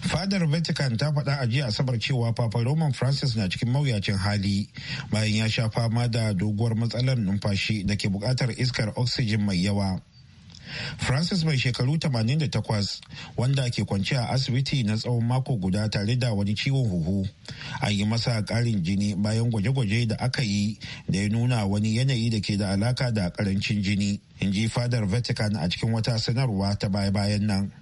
fadar vatican ta faɗa a jiya asabar cewa papa roman francis na cikin mawuyacin hali bayan ya sha fama da doguwar matsalar numfashi da ke buƙatar iskar oxygen mai yawa francis mai shekaru 88 wanda ke kwanci a asibiti na tsawon mako guda tare da wani ciwon huhu a yi masa ƙarin jini bayan gwaje-gwaje da aka yi da ya nuna wani yanayi da ke da alaka da ƙarancin jini in ji fadar vatican a cikin wata sanarwa ta baya-bayan nan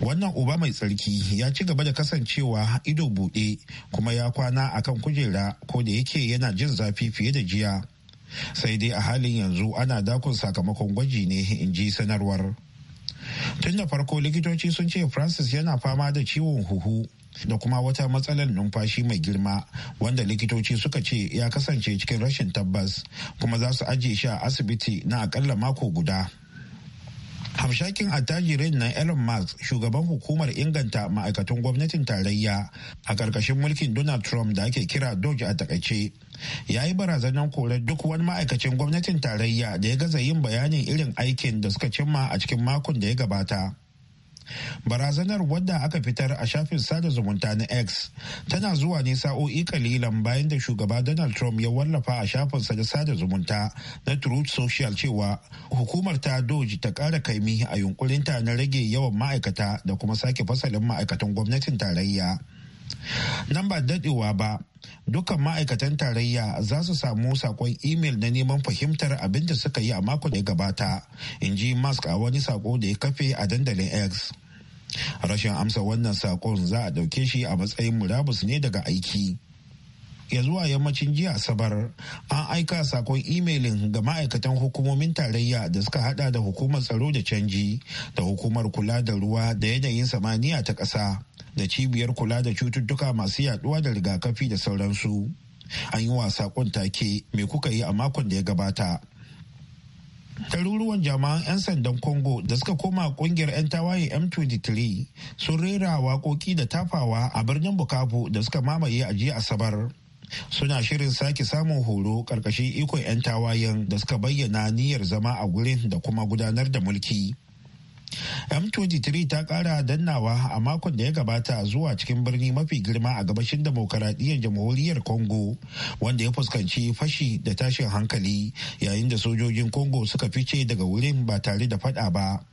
wannan uba mai tsarki ya ci gaba da kasancewa ido buɗe kuma ya kwana a kan kujera ko da yake yana jin zafi fiye da jiya sai dai a halin yanzu ana dakon sakamakon gwaji ne in ji sanarwar tun da farko likitoci sun ce francis yana fama da ciwon huhu da kuma wata matsalar numfashi mai girma wanda likitoci suka ce ya kasance cikin rashin tabbas kuma za su ajiye shi a asibiti na akalla mako guda hamshakin attajirin na elon musk shugaban hukumar inganta ma'aikatan gwamnatin tarayya a ƙarƙashin mulkin donald trump da ake kira doge a takaice ya yi barazanar korar duk wani ma'aikacin gwamnatin tarayya da ya gaza yin bayanin irin aikin da suka cimma a cikin makon da ya gabata barazanar wadda aka fitar a shafin sada zumunta na x tana zuwa ne sa'o'i kalilan bayan da shugaba donald trump ya wallafa a shafin sa na sada zumunta na truth social cewa hukumar ta doji ta kara kaimi a yunkurinta na rage yawan ma'aikata da kuma sake fasalin ma'aikatan gwamnatin tarayya nan ba dadewa ba dukkan ma'aikatan tarayya za su samu sakon imel na neman fahimtar abin da suka yi a mako da ya gabata in ji mask a wani sako da ya kafe a dandalin x rashin amsa wannan sakon za a dauke shi a matsayin murabus ne daga aiki ya zuwa yammacin jiya asabar an aika sakon imelin ga ma'aikatan hukumomin tarayya da suka hada da hukumar tsaro da canji da hukumar kula da ruwa da yanayin samaniya ta ƙasa. da cibiyar kula da cututtuka masu yaduwa da rigakafi da sauransu an yi wasa take me kuka yi a makon da ya gabata Taruruwan jama'an 'yan sandan Congo da suka koma kungiyar 'yan tawaye M23 sun rera waƙoƙi da tafawa a birnin Bukavu da suka mamaye a jiya Asabar. Suna shirin sake samun horo ƙarƙashin ikon 'yan tawayen da suka bayyana niyyar zama a gurin da kuma gudanar da mulki. M23 ta kara dannawa a makon da ya gabata zuwa cikin birni mafi girma a gabashin demokaradiyyar jamhuriyar Congo wanda ya fuskanci fashi da tashin hankali yayin da sojojin Congo suka fice daga wurin ba tare da fada ba.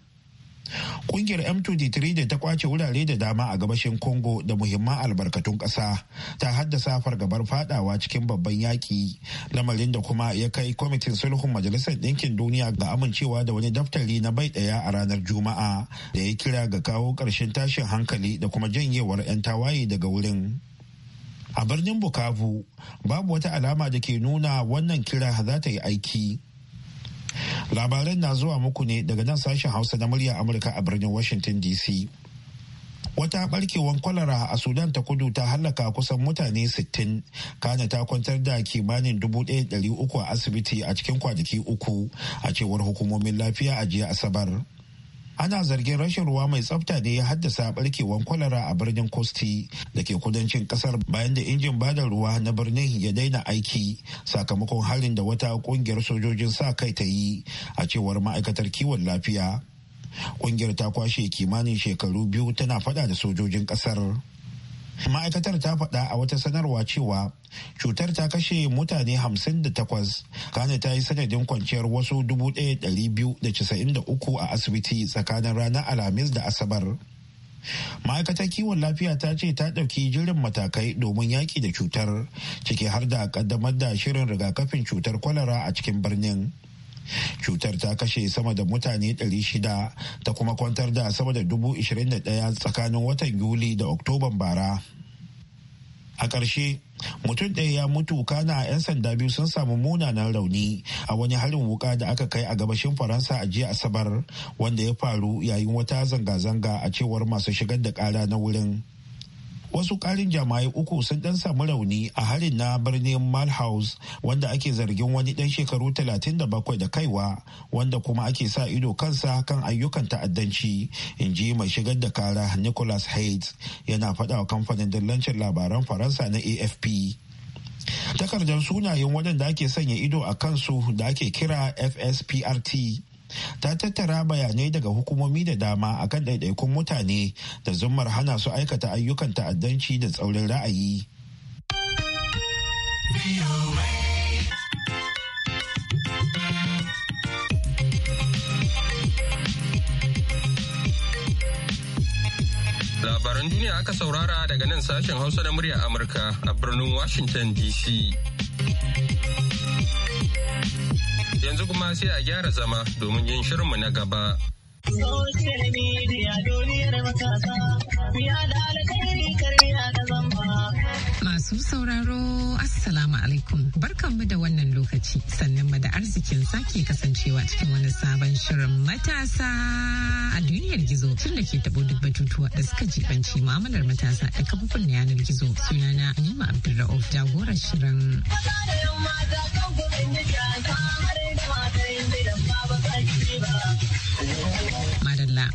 Kungiyar M23 da ta kwace wurare da dama a gabashin Congo da muhimman albarkatun ƙasa ta haddasa fargabar fadawa cikin babban yaƙi lamarin da kuma ya kai kwamitin sulhun majalisar ɗinkin duniya ga amincewa da wani daftari na bai ɗaya a ranar Juma'a da ya kira ga kawo ƙarshen tashin hankali da kuma janyewar 'yan tawaye daga wurin. A birnin Bukavu, babu wata alama da ke nuna wannan kira za ta yi aiki. labaran na zuwa muku ne daga nan sashen hausa na murya amurka a birnin washington dc wata barkewar kwalara a sudan ta kudu ta hallaka kusan mutane 60 kana ta kwantar da kimanin 1,300 a asibiti a cikin kwanaki uku a cewar hukumomin lafiya a jiya asabar ana zargin rashin ruwa mai tsafta ne ya haddasa barkewar kwalara a birnin kosti da ke kudancin kasar bayan da injin bada ruwa na birnin ya daina aiki sakamakon halin da wata kungiyar sojojin sa kai ta yi a cewar ma'aikatar kiwon lafiya kungiyar ta kwashe kimanin shekaru biyu tana fada da sojojin kasar ma'aikatar ta faɗa a wata sanarwa cewa cutar ta kashe mutane 58 kane ta yi sanadin kwanciyar wasu 1293 a asibiti tsakanin ranar alhamis da asabar ma'aikatar kiwon lafiya ta ce ta ɗauki jirin matakai domin yaƙi da cutar ciki har da ƙaddamar da shirin rigakafin cutar kwalara a cikin birnin cutar ta kashe sama da mutane 600 ta kuma kwantar da sama da 21 tsakanin watan yuli da oktoban bara a ƙarshe mutum ɗaya ya mutu kana 'yan sanda biyu sun samu munanan rauni a wani harin wuka da aka kai a gabashin faransa a jiya asabar wanda ya faru yayin wata zanga-zanga a cewar masu shigar da ƙara na wurin wasu ƙarin jama'ai uku sun dan samu rauni a harin na birnin malhouse wanda ake zargin wani ɗan shekaru 37 da kaiwa wanda kuma ake sa ido kansa kan ayyukan ta'addanci in ji mai shigar da kara nicholas hayes yana faɗawa kamfanin dillancin labaran faransa na afp takardar sunayen waɗanda ake sanya ido a kansu da ake kira fsprt ta tattara bayanai daga hukumomi da dama akan ɗaiɗaikun mutane da zumar hana su aikata ayyukan ta'addanci da tsaurin ra'ayi. Labaran duniya aka saurara daga nan sashen Hausa da murya Amurka a birnin Washington DC. Yanzu kuma sai a gyara zama domin yin shirinmu na gaba. Masu sauraro, barkanmu da wannan lokaci sannan mu da arzikin sake kasancewa cikin wani sabon shirin matasa a duniyar gizo tun da ke tabo duk batutuwa da suka jibanci mu'amalar matasa da kafofin yanar gizo sunana Nima Abdulrauf jagorar shirin. da mata kan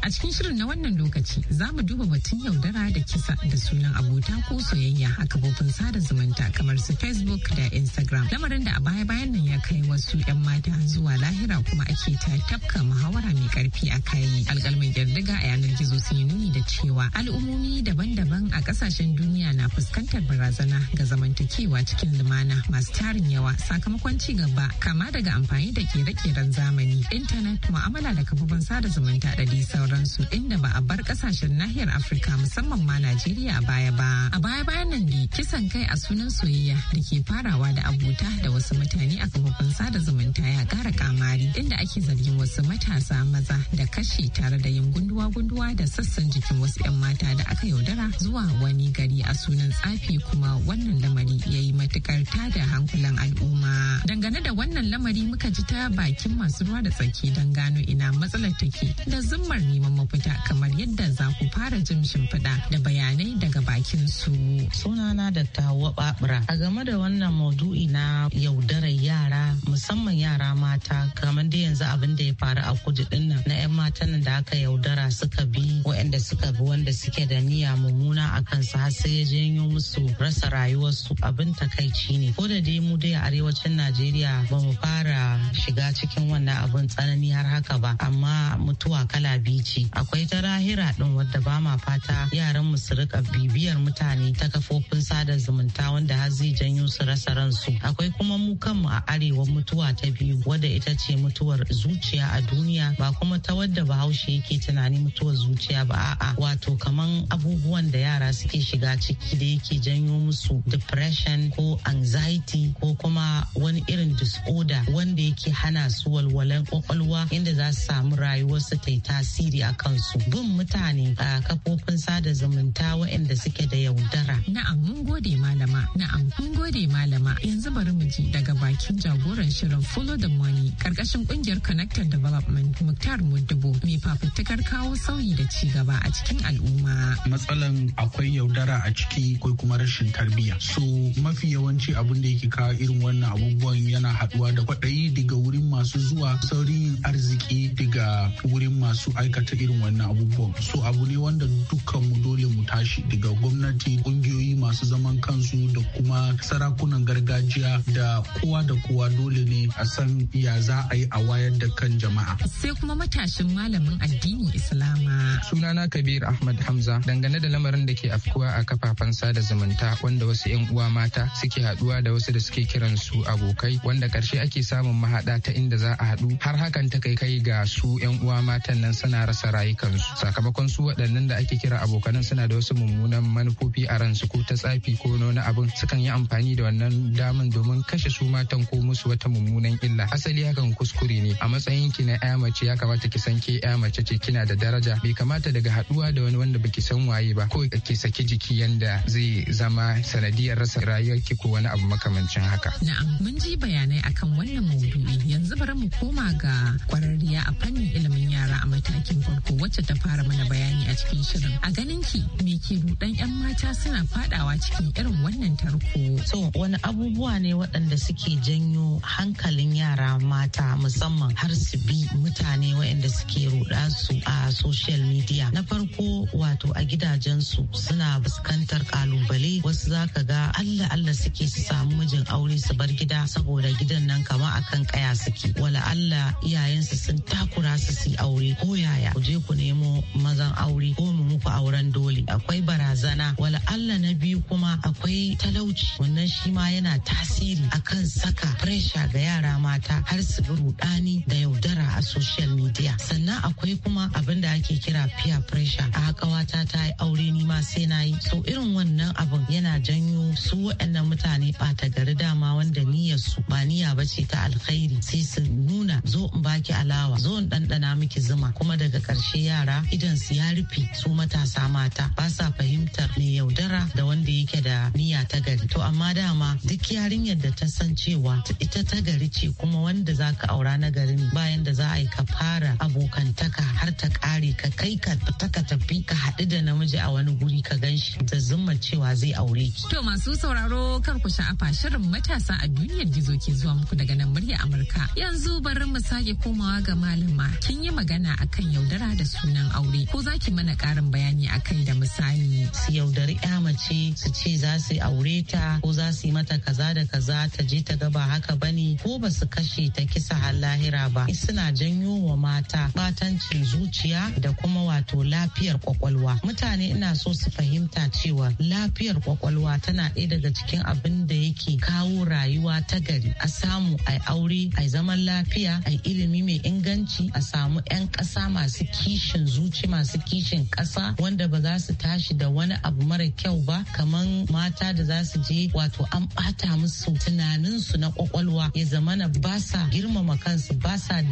A cikin shirin na wannan lokaci za mu duba batun yaudara da kisa da sunan abota ko soyayya a kafofin sada zumunta kamar su Facebook da Instagram. Lamarin da a baya-bayan nan ya kai wasu 'yan mata zuwa lahira kuma ake ta tafka muhawara mai karfi a kayi. Alƙalmin girdiga a yanar gizo sun yi nuni da cewa al'ummomi daban-daban a ƙasashen duniya na fuskantar barazana ga zamantakewa cikin lumana masu tarin yawa sakamakon ci gaba kama daga amfani da kere-keren zamani, intanet, mu'amala da kafofin sada zumunta da disa sauransu inda ba a bar kasashen nahiyar Afirka musamman ma Najeriya a baya ba. A baya bayan nan ne kisan kai a sunan soyayya da ke farawa da abota da wasu mutane a kafofin sada zumunta ya kara kamari inda ake zargin wasu matasa maza da kashe tare da yin gunduwa-gunduwa da sassan jikin wasu 'yan mata da aka yaudara zuwa wani gari a sunan tsafi kuma wannan lamari ya yi matukar tada hankulan al'umma. Dangane da wannan lamari muka ji ta bakin masu ruwa da tsaki don gano ina matsalar take da zummar neman mafita kamar yadda za ku fara jin shimfiɗa da bayanai daga bakin su. Sunana da tawa babura. A game da wannan maudu'i na yaudarar yara musamman yara mata kamar da yanzu abin da ya faru a kudu din nan na 'yan matan da aka yaudara suka bi waɗanda suka bi wanda suke da niyya mummuna a kansu har sai ya janyo musu rasa rayuwarsu abin takaici ne. Ko da dai mu dai a arewacin Najeriya ba mu fara shiga cikin wannan abin tsanani har haka ba amma mutuwa kala biyu ci akwai ta rahira din wadda ba ma fata yaran mu su rika bibiyar mutane ta kafofin sada zumunta wanda har zai janyo su rasa ransu akwai kuma mu kanmu a arewa mutuwa ta biyu wadda ita ce mutuwar zuciya a duniya ba kuma ta wadda bahaushe yake tunanin mutuwar zuciya ba a'a wato kaman abubuwan da yara suke shiga ciki da yake janyo musu depression ko anxiety ko kuma wani irin disorder wanda yake hana su walwalan kwakwalwa inda za su samu rayuwarsu ta yi tasiri tasiri a kansu bin mutane a kafofin sada zumunta waɗanda suke da yaudara. Na'am mun gode malama, na'am mun gode malama yanzu bari mu ji daga bakin jagoran shirin Follow the Money karkashin kungiyar Connected Development Muktar Mudubo mai fafutukar kawo sauyi da ci gaba a cikin al'umma. Matsalan akwai yaudara a ciki ko kuma rashin tarbiyya. So mafi yawanci abin da yake kawo irin wannan abubuwan yana haɗuwa da kwaɗayi daga wurin masu zuwa saurin arziki daga wurin masu aika aikata irin wannan abubuwan so abu ne wanda dukkan mu dole mu tashi daga gwamnati kungiyoyi masu zaman kansu da kuma sarakunan gargajiya da kowa da kowa dole ne a san ya za a yi a wayar da kan jama'a sai kuma matashin malamin addinin islama sunana kabir ahmad hamza dangane da lamarin da ke afkuwa a kafafen sada zumunta wanda wasu 'yan uwa mata suke haduwa da wasu da suke kiran su abokai wanda karshe ake samun mahada ta inda za a haɗu har hakan ta kai kai ga su 'yan uwa matan nan sana rasa rayukansu sakamakon su waɗannan da ake kira abokanan suna da wasu mummunan manufofi a ransu ko ta tsafi ko na abin sukan yi amfani da wannan daman domin kashe su matan ko musu wata mummunan illa asali hakan kuskure ne a matsayin ki na ya mace ya kamata ki san ke ya mace ce kina da daraja bai kamata daga haɗuwa da wani wanda baki san waye ba ko ki saki jiki yanda zai zama sanadiyar rasa rayuwar ki ko wani abu makamancin haka na'am mun ji bayanai akan wannan maudu'i yanzu bari mu koma ga kwararriya a fannin ilimin yara a mataki matakin farko wacce ta fara mana bayani a cikin shirin. A ganin ki me ke rudan 'yan mata suna fadawa cikin irin wannan tarko. So wani abubuwa ne waɗanda suke janyo hankalin yara mata musamman har su bi mutane waɗanda suke ruɗa su a social media. Na farko wato a gidajensu suna fuskantar kalubale wasu zaka ga Allah Allah suke su samu mijin aure su bar gida saboda gidan nan kama akan kaya suke. Wala Allah iyayensu sun takura su su aure ko ya baya ku je ku nemo mazan aure ko mu muku auren dole akwai barazana wala Allah na biyu kuma akwai talauci wannan shi ma yana tasiri akan saka pressure ga yara mata har su bi rudani da yaudara a social media sannan akwai kuma abin da ake kira peer pressure a wata ta yi aure ni ma sai na yi so irin wannan abin yana janyo su waɗannan mutane ɓata gari dama wanda niyyar su ba niyya bace ta alkhairi sai su nuna zo in baki alawa zo in ɗanɗana miki zuma kuma da daga ƙarshe yara idan su ya rufe su matasa mata ba sa fahimtar mai yaudara da wanda yake da niyya ta gari to amma dama duk yarinyar da ta san cewa ita ta gari ce kuma wanda za ka aura na gari ne bayan da za a yi ka fara abokantaka har ta kare ka kai ka taka tafi ka haɗu da namiji a wani guri ka gan shi da zumma cewa zai aure ki. To masu sauraro kar ku sha'afa shirin matasa a duniyar gizo ke zuwa muku daga nan murya Amurka. Yanzu bari mu sake komawa ga malama kin yi magana akan yaudara da sunan aure ko za ki mana ƙarin bayani a kai da misali su yaudari ya mace su ce za su aure ta ko za su yi mata kaza da kaza ta je ta ga ba haka bane ko ba su kashe ta kisa har lahira ba suna janyo wa mata batancin zuciya da kuma wato lafiyar kwakwalwa mutane ina so su fahimta cewa lafiyar kwakwalwa tana ɗaya daga cikin abin da yake kawo rayuwa ta gari a samu a aure a zaman lafiya a ilimi mai inganci a samu 'yan ƙasa masu masu kishin zuci masu kishin ƙasa wanda ba za su tashi da wani abu mara kyau ba kamar mata da za su je wato an bata musu tunaninsu na kwakwalwa ya zamana ba sa girmama kansu ba sa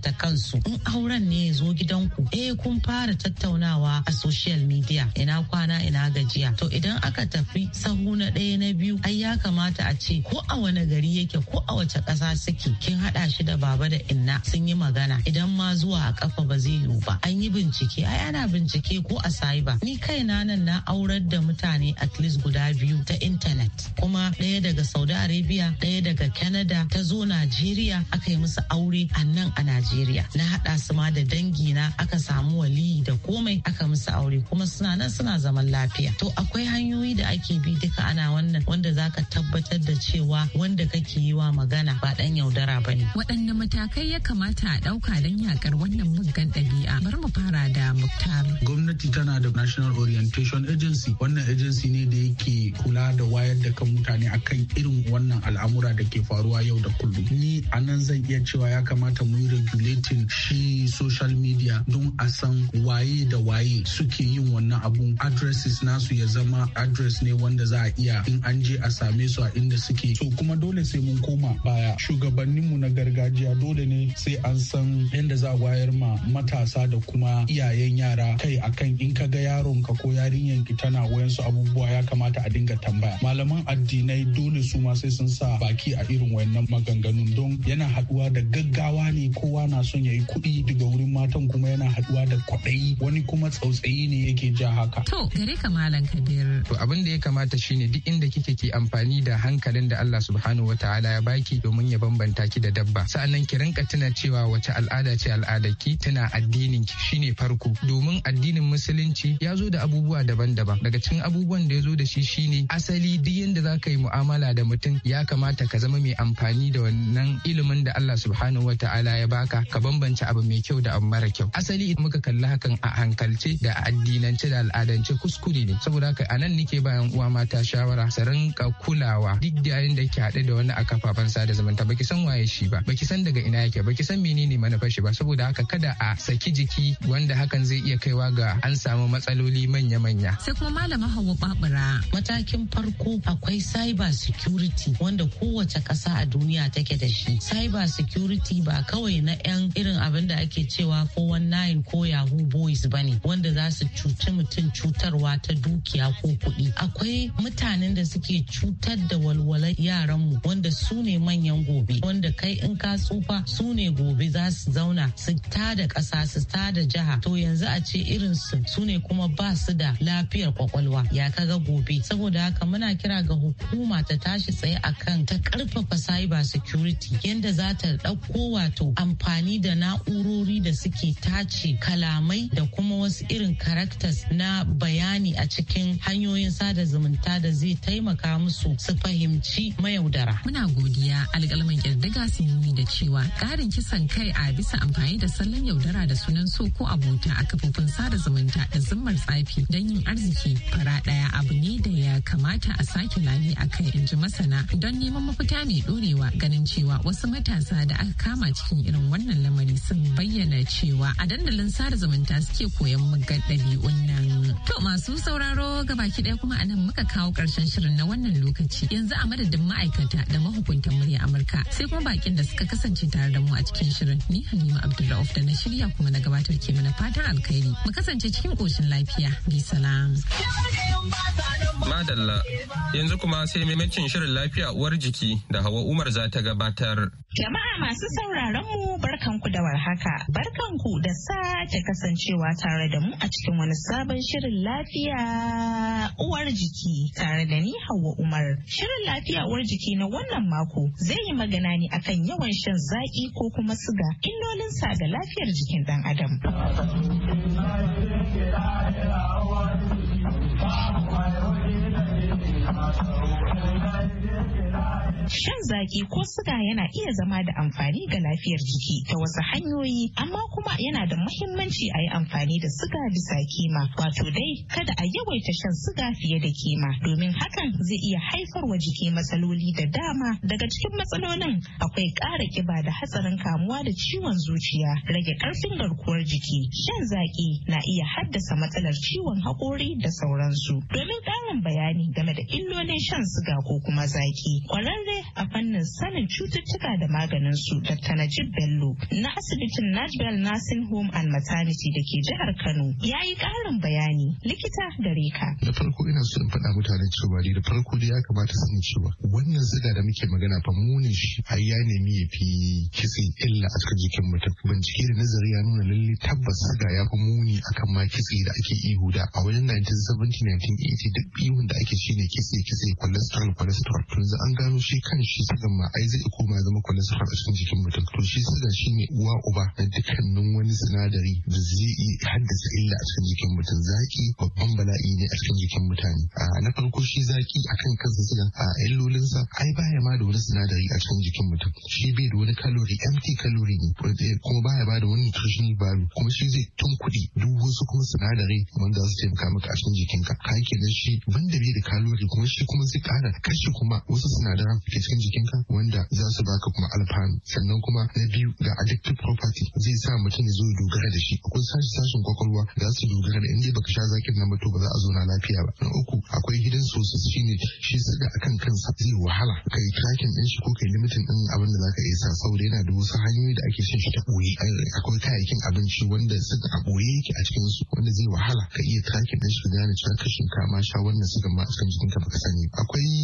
ta kansu in auren ne ya zo gidanku eh kun fara tattaunawa a social media ina kwana ina gajiya to idan aka tafi sahu na ɗaya na biyu ai ya kamata a ce ko a wani gari yake ko a wace ƙasa suke kin haɗa shi da baba da inna sun yi magana idan ma zuwa a kafa ba zai yiwu ba an yi bincike ai ana bincike ko a ba ni kaina nan na aurar da mutane at least guda biyu ta intanet kuma ɗaya daga saudi arabia daya daga canada ta zo najeriya aka yi musu aure a nan a najeriya na haɗa su ma da dangi na aka samu waliyi da komai aka musu aure kuma suna nan suna zaman lafiya to akwai hanyoyi da ake bi duka ana wannan wanda zaka tabbatar da cewa wanda kake yi wa magana ba ɗan yaudara ba ne waɗanne matakai ya kamata a ɗauka don yaƙar wannan muggan ɗabi'a ɗabi'a bari mu fara da muktar gwamnati tana da national orientation agency wannan agency ne da yake kula da wayar da kan mutane akan irin wannan al'amura da ke faruwa yau da kullum ni a nan zan iya cewa ya kamata mu yi regulating shi social media don a san waye da waye suke yin wannan abun addresses nasu ya zama address ne wanda za a iya in an je a same su a inda suke so kuma dole sai mun koma baya shugabanninmu na gargajiya dole ne sai an san yadda za a wayar ma matasa matasa da kuma iyayen yara kai akan in ka ga yaron ka ko yarinyar ki tana wayansu abubuwa ya kamata a dinga tambaya malaman addinai dole su ma sai sun sa baki a irin wayannan maganganun don yana haduwa da gaggawa ne kowa na son yayi kuɗi daga wurin matan kuma yana haduwa da kwaɗayi wani kuma tsautsayi ne yake ja haka to gare ka malam kabir to abin da ya kamata shine duk inda kike ki amfani da hankalin da Allah subhanahu wataala ya baki domin ya bambanta ki da dabba sa'annan ki rinka tuna cewa wace al'ada ce al'adarki tana addini addinin ki shine farko domin addinin musulunci ya zo da abubuwa daban-daban daga cikin abubuwan da ya zo da shi shine asali duk yadda za ka yi mu'amala da mutum ya kamata ka zama mai amfani da wannan ilimin da Allah subhanahu wataala ya baka ka bambance abu mai kyau da abu mara kyau asali idan muka kalli hakan a hankalce da addinance da al'adance kuskure ne saboda haka anan nake bayan uwa mata shawara su rinka kulawa duk yayin da ke haɗe da wani a kafafen sada zumunta baki san waye shi ba baki san daga ina yake baki san menene manufar shi ba saboda haka kada a saki jiki wanda hakan zai iya kaiwa ga an samu matsaloli manya-manya. Sai kuma malama hawa Babura matakin farko akwai cyber security wanda kowace ƙasa a duniya take da shi. Cyber security ba kawai na 'yan irin abin da ake cewa ko nine ko yahoo boys ba ne wanda za su cuci mutum cutarwa ta dukiya ko kuɗi. Akwai mutanen da suke cutar da walwalar yaranmu wanda su ne manyan gobe wanda kai in ka tsufa su ne gobe za su zauna su da ƙasa su ta jiha to yanzu a ce irin su su ne kuma ba su da lafiyar kwakwalwa ya kaga gobe saboda haka muna kira ga hukuma ta tashi tsaye akan ta karfafa cyber security yadda za ta ɗauko wato amfani da na'urori da suke tace kalamai da kuma wasu irin characters na bayani a cikin hanyoyin sada zumunta da zai taimaka musu su fahimci mayaudara. Muna godiya alƙalman ƙirdiga sun yi da cewa ƙarin kisan kai a bisa amfani da salon yaudara da da sunan so ko abota a kafofin sada zumunta da zimmar tsafi don yin arziki fara daya abu ne da ya kamata a sake lami a kai in ji masana don neman mafita mai dorewa ganin cewa wasu matasa da aka kama cikin irin wannan lamari sun bayyana cewa a dandalin sada zumunta suke koyan muggan ɗabi'un nan. To masu sauraro ga baki ɗaya kuma anan muka kawo ƙarshen shirin na wannan lokaci yanzu a madadin ma'aikata da mahukuntan murya Amurka sai kuma bakin da suka kasance tare da mu a cikin shirin ni Halima Abdullahi da na shirya kuma kuma na gabatar ke mana fatan alkhairi mu kasance cikin koshin lafiya bi salam madalla yanzu kuma sai maimacin shirin lafiya uwar jiki da hawa umar za ta gabatar jama'a masu sauraron mu barkanku da warhaka barkanku da sake kasancewa tare da mu a cikin wani sabon shirin lafiya uwar jiki tare da ni hawa umar shirin lafiya uwar jiki na wannan mako zai yi magana ne akan yawan shan zaƙi ko kuma siga illolinsa ga lafiyar jikin ɗan adam. Thank you. Shan zaki ko suga yana iya zama da amfani ga lafiyar jiki ta wasu hanyoyi amma kuma yana da muhimmanci a yi amfani da suga bisa kima wato dai kada a yawaita shan suga fiye da kima domin hakan zai iya haifar wa jiki matsaloli da dama daga cikin matsalolin akwai ƙara kiba da hatsarin kamuwa da ciwon zuciya rage ƙarfin garkuwar jiki shan zaki na iya haddasa matsalar ciwon haƙori da sauransu domin ƙarin bayani game da illolin shan suga ko kuma zaki ƙwararre ne a fannin sanin cututtuka da maganin su Dr. Najib Bello na asibitin Najbel Nursing Home and Maternity da ke jihar Kano ya yi ƙarin bayani likita gare ka. Da farko ina so in faɗa mutanen cewa da farko da ya kamata su cewa wannan siga da muke magana fa muni shi ai ya nemi ya fi kitse illa a cikin jikin mutum. Bincike da nazari ya nuna lalle tabbas siga ya fi muni akan ma kitse da ake ihu da a wajen 1970 1980 duk ihun da ake shine kitse kitse cholesterol cholesterol. za an gano shi kan shi sigan ma ai zai koma zama cholesterol a cikin jikin mutum to shi shi shine uwa uba na dukkanin wani sinadari da zai haddasa illa a cikin jikin mutum zaki babban bala'i ne a cikin jikin mutane a na farko shi zaki akan kansa sigan a illolinsa ai baya ma da wani sinadari a cikin jikin mutum shi bai da wani kalori empty kalori ne kuma baya ba da wani nutritional value kuma shi zai tunkuɗi duk wasu kuma sinadarai wanda za su taimaka maka a cikin jikinka ka kenan shi banda bai da kalori kuma shi kuma zai ƙara kashi kuma wasu sinadaran ke cikin jikinka wanda za su baka kuma alfanu sannan kuma na biyu ga addictive property zai sa mutum ya zo dogara da shi akwai sashi sashin kwakwalwa za su dogara da inda baka sha zakin na ba ba za a zo na lafiya ba na uku akwai hidden sources shine shi daga akan kansa zai wahala ka yi tracking din shi ko yi limitin din abin da zaka iya sa saboda yana da wasu hanyoyi da ake shan shi ta boye akwai kayayyakin abinci wanda su a boye yake a cikin su wanda zai wahala ka iya tracking din shi ka gane cewa ka shinka ma sha wannan suka ma a jikin ka baka sani akwai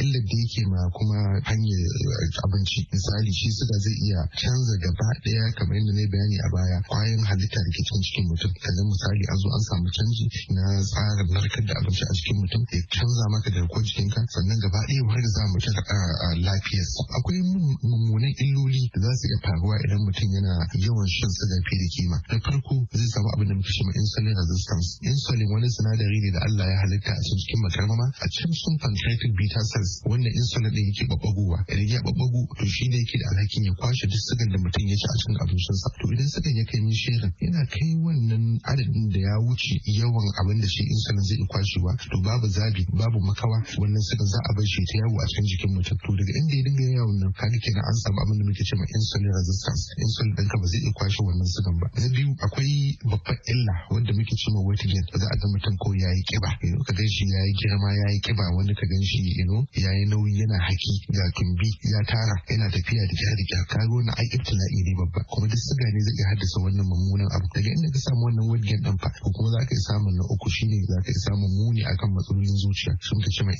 illar da yake ma kuma hanyar eh, abinci misali shi suka zai iya canza gaba daya kamar yadda na bayani a baya kwayoyin halitta da ke cikin cikin mutum kaza misali an zo an samu canji na tsarin narkar da abinci a cikin mutum ya canza maka garkuwar jikinka sannan gaba ɗaya har za mu ta lafiyarsa akwai mummunan illoli da za su iya faruwa idan mutum yana yawan shan siga fiye da kima na farko zai samu abin da muke ma insulin resistance insulin wani sinadari ne da Allah ya halitta a cikin makarmama a cikin sun pancreatic beta cells wanda insulin din yake babbagowa idan ya babbago to shi ne yake da alhakin ya kwashe duk sigan da mutum ya ci a cikin sa, to idan sigan ya kai shirin yana kai wannan adadin da ya wuce yawan abin da shi insulin zai kwashewa to babu zabi babu makawa wannan sigan za a bar shi ta yawo a cikin jikin mutum to daga inda ya dinga yawon nan kaga kenan an samu abin da muke cewa insulin resistance insulin ɗinka ba zai iya kwashe wannan sugan ba na biyu akwai babban illa wanda muke cewa weight gain za a ga mutum ko yayi kiba ka gan shi yayi girma yayi kiba wani ka gan shi ya yi nauyi yana haki ga tumbi ya tara yana tafiya da jari ka ga wannan ai ibtila'i ne babba kuma duk suga ne zai iya haddasa wannan mummunan abu daga inda ka samu wannan weight gain ɗin fa ko kuma za ka iya samun na uku shine za ka iya samun muni akan matsalolin zuciya sun ka cewa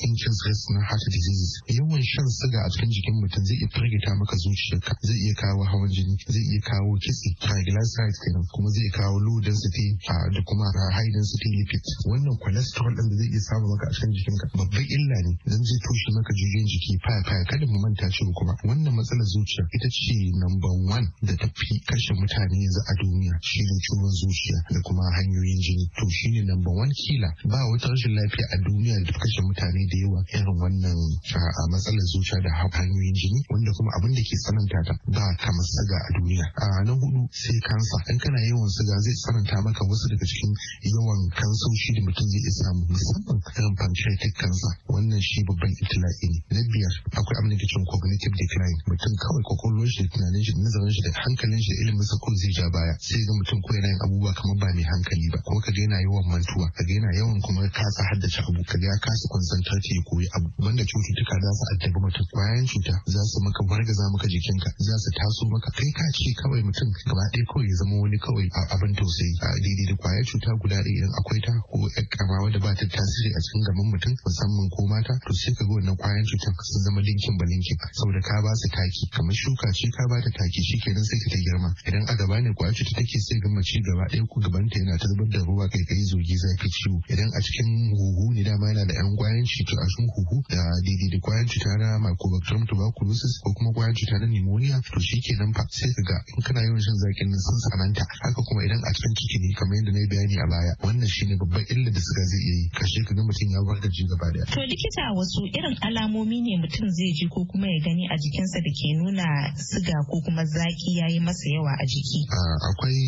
virus na heart diseases yawan shan siga a cikin jikin mutum zai iya firgita maka zuciyarka zai iya kawo hawan jini zai iya kawo kitse triglycerides kenan kuma zai kawo low density da kuma high density lipids wannan cholesterol din da zai iya samu maka a cikin ka. babban illa ne dan zai toshe maka jijiyoyin jiki faya faya kada mu manta cewa kuma wannan matsalar zuciya ita ce number one da ta fi kashe mutane yanzu a duniya shi ne ciwon zuciya da kuma hanyoyin jini to shi ne number one kila ba wata rashin lafiya a duniya da ta kashe mutane da yawa irin wannan a ah, matsalar zuciya da hanyoyin jini wanda kuma abin da ke tsananta ta ba kamar siga a duniya a ah, na hudu sai kansa in kana yawan siga zai tsananta maka wasu daga cikin yawan kansoshi da mutum zai iya samu musamman irin pancreatic cancer wannan shi babban itila'i ne na biyar akwai abin da ke cin cognitive decline mutum kawai kwakwalwar shi da tunanin shi da nazarin shi da hankalin shi da ilimin sa ko zai ja baya sai ga mutum ko yana yin abubuwa kamar ba mai hankali ba kuma ga yana yawan mantuwa ka ga yana yawan kuma kasa haddace abu ka ga ya kasa concentrate ya koyi abin da cututtuka za su addabi mutum kwayan cuta za su maka wargaza maka jikinka za su taso maka kai ka ce kawai mutum gaba ɗaya kawai ya zama wani kawai a abin tausayi a daidai da kwayar cuta guda ɗaya idan akwai ta ko ƴan ƙama wanda ba ta tasiri a cikin gaban mutum musamman ko mata to sai ka ga wannan kwayan cutar sun zama linkin ba linkin saboda ka ba su taki kamar shuka ce ka ba ta taki shikenan sai ka ta girma idan a gaba ne kwayar cuta take sai ga mace gaba ɗaya ko gabanta yana ta zubar da ruwa kai kai zogi zafi ciwo idan a cikin huhu ne dama yana da ƴan kwayan cuta a cikin huhu da daidai da kwayan cuta na mycobacterium tuberculosis ko kuma kwayan cuta na pneumonia to shi kenan fa sai ka ga in kana yawan shan zakin nan sun tsananta haka kuma idan a cikin ciki ne kamar yadda na bayani a baya wannan ne babban illar da suka zai iya yi kashe ka ga mutum ya ji gaba daya. To likita wasu irin alamomi ne mutum zai ji ko kuma ya gani a jikinsa da ke nuna siga ko kuma zaki ya yi masa yawa a jiki. Akwai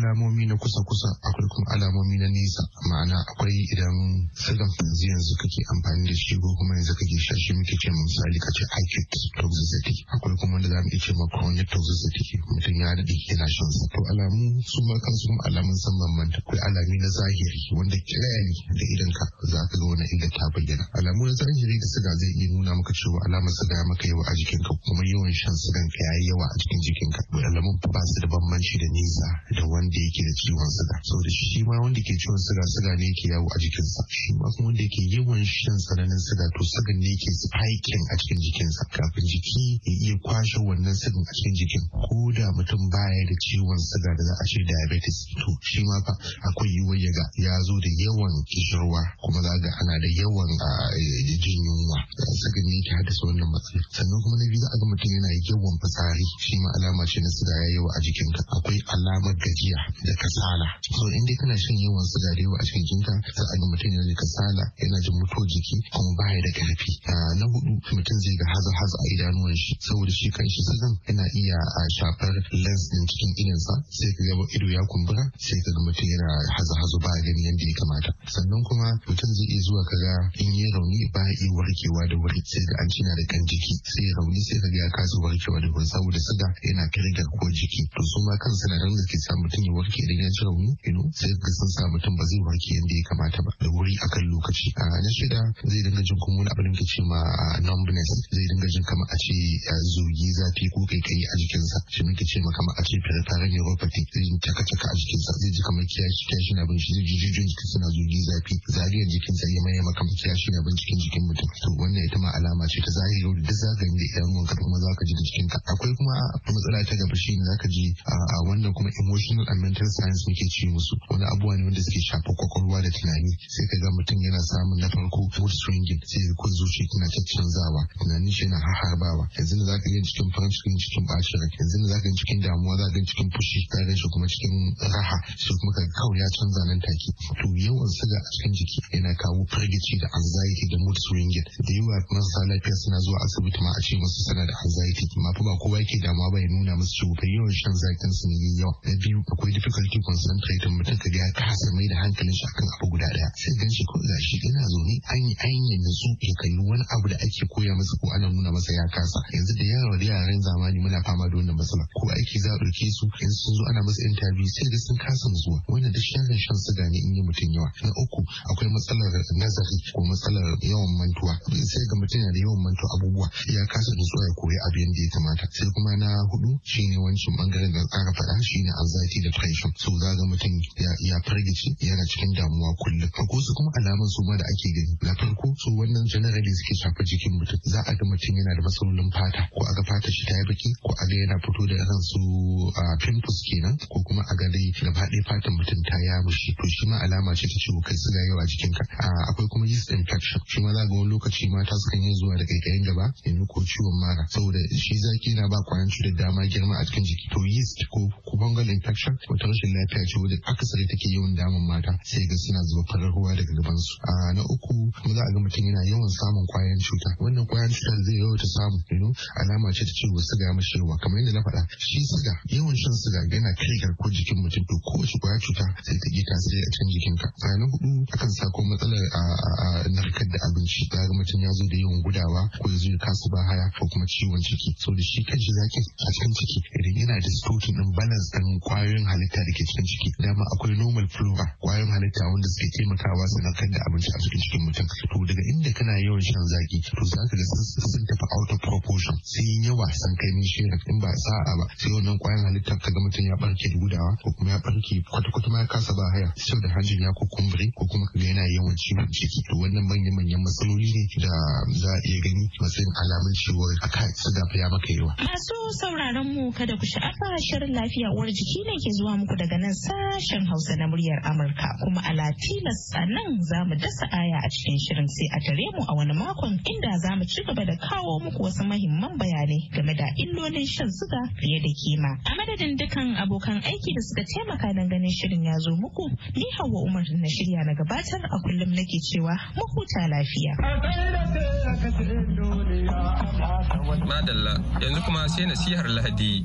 alamomi na kusa-kusa akwai kuma alamomi na nesa ma'ana akwai idan sigan yanzu yanzu kake amfani da shi ko kuma yanzu kake sha shi muke ce misali ka ce acute toxicity akwai kuma wanda za mu iya ce ma chronic toxicity mutum ya daɗe yana shan su. to alamu su ma kansu kuma alamun sun bambanta akwai alami na zahiri wanda ni da idan ka za ka ga wani inda ta bayyana alamu na zahiri da suga zai iya nuna maka cewa alamar suga ya maka yawa a jikinka kuma yawan shan sugan ka yayi yawa a cikin jikinka alamun ba su da bambanci da nisa da wanda yake da ciwon suga da shi ma wanda ke ciwon suga suga ne yake yawo a jikinsa shi ma kuma wanda yake yawan shan tsananin suga wato to sigan ne ke spikin a cikin jikinsa kafin jiki ya iya kwashe wannan sagan a cikin jikin ko da mutum baya da ciwon siga da za a ce diabetes to shi ma fa akwai yiwuwar ya ga ya zo da yawan kishirwa kuma za ga ana da yawan eh, jin yunwa sagan ne ke haddasa wannan matsala sannan kuma na biyu za a ga mutum yana yawan fitsari shi ma alama ce na siga ya yawa a jikinka akwai alamar gajiya da kasala so in dai kana shan yawan siga da yawa a cikin jikinka za a ga mutum yana da kasala yana jin mutuwar jiki kuma baya da karfi ah, na hudu mutum zai ga haza haza a idanuwan shi saboda shi kan shi sazan yana iya ah, shafar lens din cikin idonsa sai ka ga ido ya kumbura sai ka ga mutum yana haza hazo ba gani yadda ya kamata sannan kuma mutum zai iya zuwa kaga in yi rauni ba iya warkewa da wuri sai ga an cina da kan jiki sai rauni sai ka ga ya kasa warkewa da wuri saboda suga yana kirga ko jiki to su ma kan sinadaran da ke sa mutum ya warke idan ya rauni rauni sai ka sun sa mutum ba zai warke yadda ya kamata ba da wuri akan lokaci a ah, na shida zai dinga jin kuma wani abin da ce ma ah, numbness zai dinga jin kama a ce ah, zogi zafi ko kaikayi a jikinsa shi muke ce ma kama a ce peripheral neuropathy zai jin taka-taka a jikinsa zai ji kamar kiyashi kiyashi na bin shi zai ji jijiyoyin jikin suna zogi zafi zariyar jikinsa ya maye maka kiyashi na bin cikin jikin mutum to wannan ita ma alama ce ta zahiri wadda duk zagayen da idan ka kuma za ka ji da jikinka akwai kuma matsala ta gaba shi ne za ka ji a ah, wannan kuma emotional and mental science muke ce musu wani abubuwa ne wanda suke shafa kwakwalwa da tunani sai ka ga mutum yana samun na farko mood swinging sai kun zuci kina ta canzawa tunanin shi yana haharbawa yanzu da ka yi cikin farin cikin cikin bashi da yanzu da ka yi cikin damuwa za ka yi cikin fushi zaka yi shi kuma cikin raha shi kuma ka kawai ya canza nan take to yawan siga a cikin jiki yana kawo firgici da anxiety da mood swing da yawa marasa lafiya suna zuwa asibiti ma a ce musu suna da anxiety ma fa ba kowa yake damuwa ba ya nuna musu cewa bai yawan shan zakin su ne yawa na biyu akwai difficulty concentrating mutum ka ga ya kasa mai da hankalin shi akan abu guda daya sai gan shi ko shi yana zaune an yi yi yanzu in kalli wani abu da ake koya masa ko ana nuna masa ya kasa yanzu da yawa da yaran zamani muna fama da wannan matsala ko aiki za a ɗauke su yanzu sun zo ana masa interview sai da sun kasa zuwa wannan da shagan shan suga ne in yi mutum yawa na uku akwai matsalar nazari ko matsalar yawan mantuwa sai ga mutum yana da yawan mantuwa abubuwa ya kasa da zuwa ya koyi abu yadda ya kamata sai kuma na hudu shine wancan bangaren da tsara faɗa shine anxiety depression so za ga mutum ya ya yana cikin damuwa kullum ko su kuma alamun su ma da ake gani na farko su wannan generally suke shafa jikin mutum za a ga mutum yana da matsalolin fata ko a ga fata shi ta yi baki ko a ga yana fito da irin su pimples kenan ko kuma a ga dai gaba ɗaya fatan mutum ta yamushe to shi ma alama ce ta ciwo kai suga yawa a jikinka akwai kuma yeast infection shi ma za ga wani lokaci mata sukan yi zuwa da kaikayin gaba yanzu ko ciwon mara saboda shi zaki yana ba kwayan da dama girma a cikin jiki to yeast ko fungal infection ko ta rashin lafiya ce wanda akasari take yawan damun mata sai ga suna zuba farar ruwa daga gabansu na uku kuma za a ga mutum yana yawan samun kwayan cuta wannan kwayan cutar zai ta samu you alama ce ta ciwo siga mashi yawa kamar yadda na faɗa shi siga yawan shan siga yana kai garkuwar jikin mutum to kowace kwayan cuta sai ta gita sai a cikin jikinka sannan hudu akan ko matsalar a narkar da abinci ga mutum ya zo da yawan gudawa ko ya zo ya kasu ba haya ko kuma ciwon ciki so da shi kanshi zaki a cikin ciki idan yana da distorting din balance din kwayoyin halitta da ke cikin ciki dama akwai normal flora kwayoyin halitta wanda suke taimakawa su narkar da abinci a cikin cikin mutum to daga inda da kana yawan shan zaki to za ka ga sun tafi out of proportion sun yi yawa sun kai ni shirin in ba sa'a ba sai wannan kwayan halittar ka ga mutum ya barke da gudawa ko kuma ya barke kwata-kwata ma ya kasa ba haya sau da hanjin ya kukumbure ko kuma ka ga yana yawan ciwon ciki to wannan manyan-manyan matsaloli ne da za a iya gani matsayin alamun ciwon aka suga ya maka yawa. Masu sauraron mu kada ku sha'afa shirin lafiya uwar jiki ne ke zuwa muku daga nan sashen Hausa na muryar Amurka kuma a Latinas a nan za mu dasa aya a cikin shirin sai a gare mu a wani makon inda za mu ci gaba da kawo muku wasu mahimman bayanai game da illolin shan suga fiye da kima. A madadin dukkan abokan aiki da suka taimaka nan ganin shirin ya zo muku, ni Hauwa Umar na shirya na gabatar a kullum nake cewa mu huta lafiya. Madalla yanzu kuma sai nasihar Lahadi.